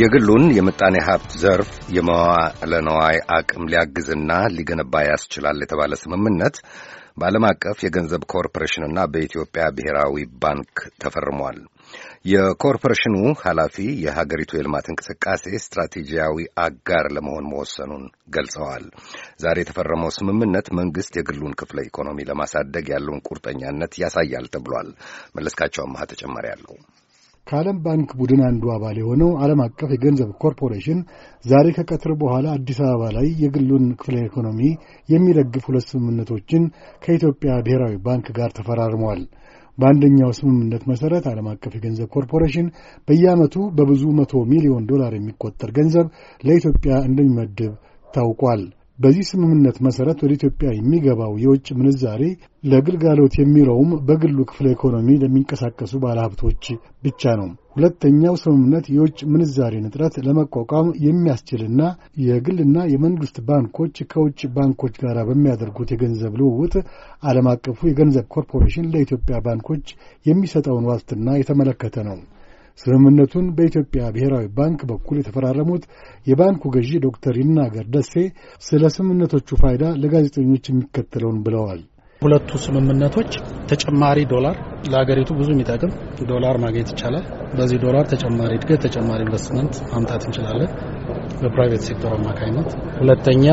የግሉን የምጣኔ ሀብት ዘርፍ የመዋዕለ ነዋይ አቅም ሊያግዝና ሊገነባ ያስችላል የተባለ ስምምነት በዓለም አቀፍ የገንዘብ ኮርፖሬሽንና በኢትዮጵያ ብሔራዊ ባንክ ተፈርሟል። የኮርፖሬሽኑ ኃላፊ የሀገሪቱ የልማት እንቅስቃሴ ስትራቴጂያዊ አጋር ለመሆን መወሰኑን ገልጸዋል። ዛሬ የተፈረመው ስምምነት መንግስት የግሉን ክፍለ ኢኮኖሚ ለማሳደግ ያለውን ቁርጠኛነት ያሳያል ተብሏል። መለስካቸው አማሃ ተጨማሪ አለው። ከዓለም ባንክ ቡድን አንዱ አባል የሆነው ዓለም አቀፍ የገንዘብ ኮርፖሬሽን ዛሬ ከቀትር በኋላ አዲስ አበባ ላይ የግሉን ክፍለ ኢኮኖሚ የሚደግፍ ሁለት ስምምነቶችን ከኢትዮጵያ ብሔራዊ ባንክ ጋር ተፈራርሟል። በአንደኛው ስምምነት መሠረት ዓለም አቀፍ የገንዘብ ኮርፖሬሽን በየዓመቱ በብዙ መቶ ሚሊዮን ዶላር የሚቆጠር ገንዘብ ለኢትዮጵያ እንደሚመድብ ታውቋል። በዚህ ስምምነት መሠረት ወደ ኢትዮጵያ የሚገባው የውጭ ምንዛሬ ለግልጋሎት የሚውለውም በግሉ ክፍለ ኢኮኖሚ ለሚንቀሳቀሱ ባለሀብቶች ብቻ ነው። ሁለተኛው ስምምነት የውጭ ምንዛሬን እጥረት ለመቋቋም የሚያስችልና የግልና የመንግስት ባንኮች ከውጭ ባንኮች ጋር በሚያደርጉት የገንዘብ ልውውጥ ዓለም አቀፉ የገንዘብ ኮርፖሬሽን ለኢትዮጵያ ባንኮች የሚሰጠውን ዋስትና የተመለከተ ነው። ስምምነቱን በኢትዮጵያ ብሔራዊ ባንክ በኩል የተፈራረሙት የባንኩ ገዢ ዶክተር ይናገር ደሴ ስለ ስምምነቶቹ ፋይዳ ለጋዜጠኞች የሚከተለውን ብለዋል። ሁለቱ ስምምነቶች ተጨማሪ ዶላር ለሀገሪቱ ብዙ የሚጠቅም ዶላር ማግኘት ይቻላል። በዚህ ዶላር ተጨማሪ እድገት፣ ተጨማሪ ኢንቨስትመንት ማምጣት እንችላለን በፕራይቬት ሴክተር አማካኝነት። ሁለተኛ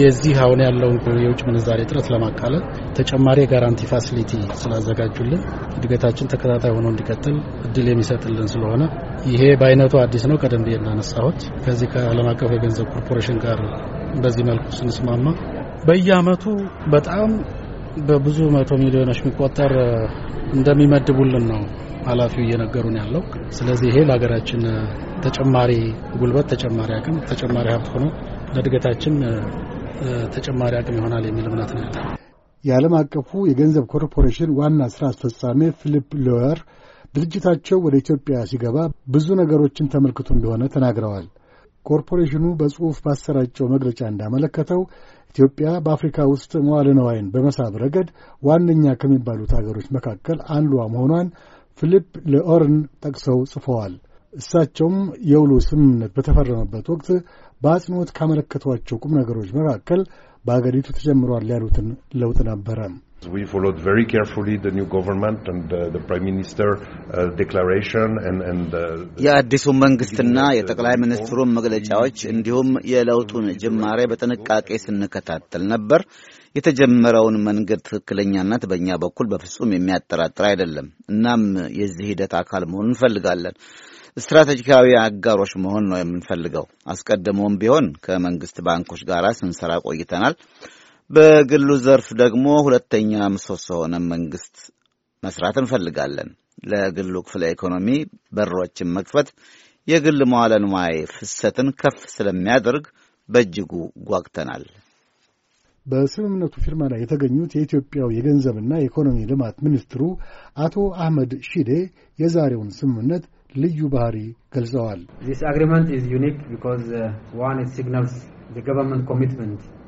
የዚህ አሁን ያለውን የውጭ ምንዛሬ እጥረት ለማቃለል ተጨማሪ የጋራንቲ ፋሲሊቲ ስላዘጋጁልን እድገታችን ተከታታይ ሆኖ እንዲቀጥል እድል የሚሰጥልን ስለሆነ ይሄ በአይነቱ አዲስ ነው። ቀደም ብዬ እንዳነሳሁት ከዚህ ከዓለም አቀፍ የገንዘብ ኮርፖሬሽን ጋር በዚህ መልኩ ስንስማማ በየአመቱ በጣም በብዙ መቶ ሚሊዮኖች የሚቆጠር እንደሚመድቡልን ነው ኃላፊው እየነገሩን ያለው። ስለዚህ ይሄ ለሀገራችን ተጨማሪ ጉልበት፣ ተጨማሪ አቅም፣ ተጨማሪ ሀብት ሆኖ ለእድገታችን ተጨማሪ አቅም ይሆናል የሚል እምነት ነው ያለ የዓለም አቀፉ የገንዘብ ኮርፖሬሽን ዋና ስራ አስፈጻሚ ፊሊፕ ሎየር ድርጅታቸው ወደ ኢትዮጵያ ሲገባ ብዙ ነገሮችን ተመልክቶ እንደሆነ ተናግረዋል። ኮርፖሬሽኑ በጽሑፍ ባሰራጨው መግለጫ እንዳመለከተው ኢትዮጵያ በአፍሪካ ውስጥ መዋለ ነዋይን በመሳብ ረገድ ዋነኛ ከሚባሉት አገሮች መካከል አንዷ መሆኗን ፊሊፕ ለኦርን ጠቅሰው ጽፈዋል። እሳቸውም የውሉ ስምምነት በተፈረመበት ወቅት በአጽንኦት ካመለከቷቸው ቁም ነገሮች መካከል በአገሪቱ ተጀምሯል ያሉትን ለውጥ ነበረ። We followed very carefully the new government and uh, the prime minister uh, declaration and and uh, የአዲሱ መንግስትና የጠቅላይ ሚኒስትሩን መግለጫዎች እንዲሁም የለውጡን ጅማሬ በጥንቃቄ ስንከታተል ነበር። የተጀመረውን መንገድ ትክክለኛነት በእኛ በኩል በፍጹም የሚያጠራጥር አይደለም። እናም የዚህ ሂደት አካል መሆኑን እንፈልጋለን። ስትራቴጂካዊ አጋሮች መሆን ነው የምንፈልገው። አስቀድሞም ቢሆን ከመንግስት ባንኮች ጋር ስንሰራ ቆይተናል። በግሉ ዘርፍ ደግሞ ሁለተኛ ምሰሶ ሆነ መንግስት መስራት እንፈልጋለን። ለግሉ ክፍለ ኢኮኖሚ በሮችን መክፈት የግል መዋለ ንዋይ ፍሰትን ከፍ ስለሚያደርግ በእጅጉ ጓግተናል። በስምምነቱ ፊርማ ላይ የተገኙት የኢትዮጵያው የገንዘብና የኢኮኖሚ ልማት ሚኒስትሩ አቶ አህመድ ሺዴ የዛሬውን ስምምነት ልዩ ባህሪ ገልጸዋል።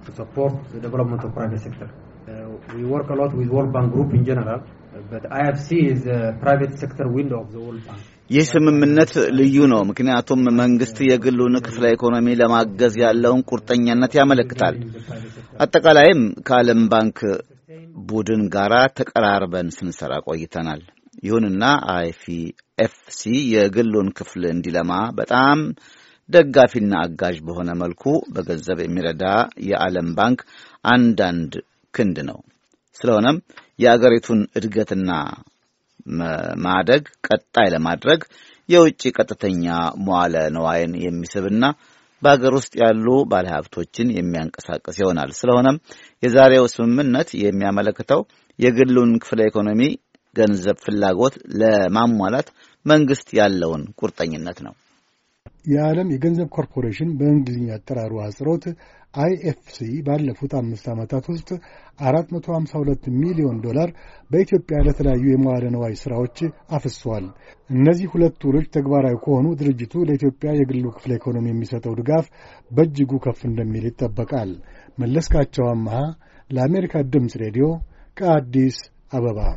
to support the development of private sector. Uh, we work a lot with World Bank Group in general, but IFC is the private sector window of the World Bank. ይህ ስምምነት ልዩ ነው፣ ምክንያቱም መንግስት የግሉን ክፍለ ኢኮኖሚ ለማገዝ ያለውን ቁርጠኛነት ያመለክታል። አጠቃላይም ከዓለም ባንክ ቡድን ጋር ተቀራርበን ስንሰራ ቆይተናል። ይሁንና አይፊ ኤፍሲ የግሉን ክፍል እንዲለማ በጣም ደጋፊና አጋዥ በሆነ መልኩ በገንዘብ የሚረዳ የዓለም ባንክ አንዳንድ ክንድ ነው። ስለሆነም የአገሪቱን እድገትና ማደግ ቀጣይ ለማድረግ የውጭ ቀጥተኛ መዋለ ነዋይን የሚስብና በሀገር ውስጥ ያሉ ባለሀብቶችን የሚያንቀሳቅስ ይሆናል። ስለሆነም የዛሬው ስምምነት የሚያመለክተው የግሉን ክፍለ ኢኮኖሚ ገንዘብ ፍላጎት ለማሟላት መንግስት ያለውን ቁርጠኝነት ነው። የዓለም የገንዘብ ኮርፖሬሽን በእንግሊዝኛ አጠራሩ አጽሮት አይኤፍሲ ባለፉት አምስት ዓመታት ውስጥ 452 ሚሊዮን ዶላር በኢትዮጵያ ለተለያዩ የመዋለ ነዋይ ሥራዎች አፍሷል። እነዚህ ሁለት ውሎች ተግባራዊ ከሆኑ ድርጅቱ ለኢትዮጵያ የግሉ ክፍለ ኢኮኖሚ የሚሰጠው ድጋፍ በእጅጉ ከፍ እንደሚል ይጠበቃል። መለስካቸው አመሃ ለአሜሪካ ድምፅ ሬዲዮ ከአዲስ አበባ